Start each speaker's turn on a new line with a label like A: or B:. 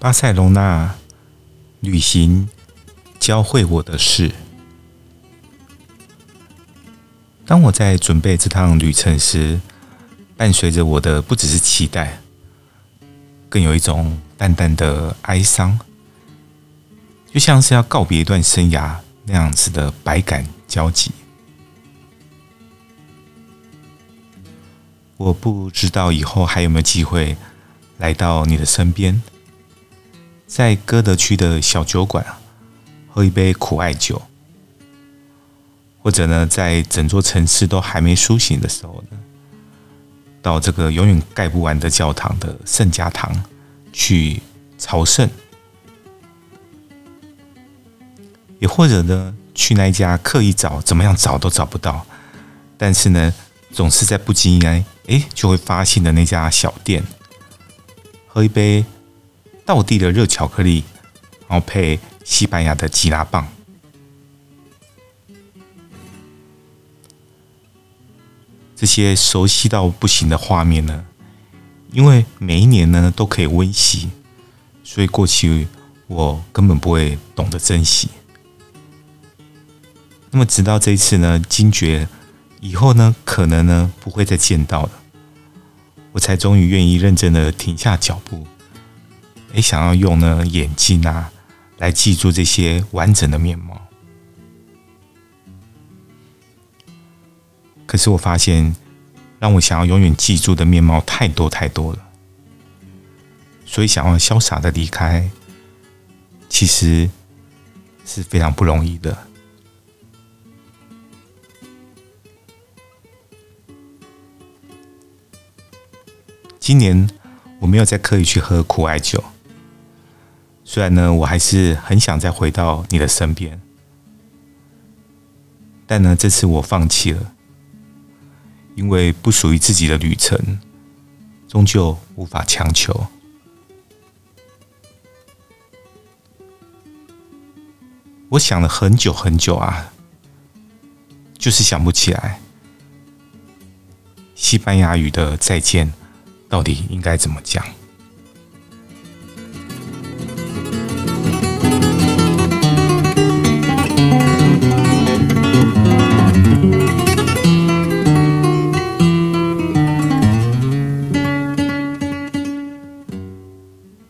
A: 巴塞隆納旅行教會我的事。當我在準備這趟旅程時，伴隨着我的不只是期待，更有一種淡淡的哀傷，就像是要告別一段生涯那樣子的百感交集。我不知道以後還有沒有機會來到你的身邊。在哥德區的小酒館喝一杯苦艾酒，或者呢，在整座城市都還沒甦醒的時候呢，到這個永遠蓋不完的教堂的聖家堂去朝聖，也或者呢，去那一家刻意找怎麼樣找都找不到，但是呢，總是在不經意哎、欸、就會發現的那家小店，喝一杯。道地的熱巧克力，然後配西班牙的吉拉棒，這些熟悉到不行的畫面呢，因為每一年呢都可以溫習，所以過去我根本不會懂得珍惜。那麼直到這一次呢驚覺以後呢，可能呢不會再見到了，我才終於願意認真的停下腳步。也、欸、想要用呢眼鏡啊來記住這些完整的面貌，可是我發現讓我想要永遠記住的面貌太多太多了，所以想要瀟灑的離開，其實是非常不容易的。今年我沒有再刻意去喝苦艾酒。雖然呢，我還是很想再回到你的身邊，但呢，這次我放棄了，因為不屬於自己的旅程，終究無法強求。我想了很久很久啊，就是想不起來西班牙語的再見到底應該怎麼講？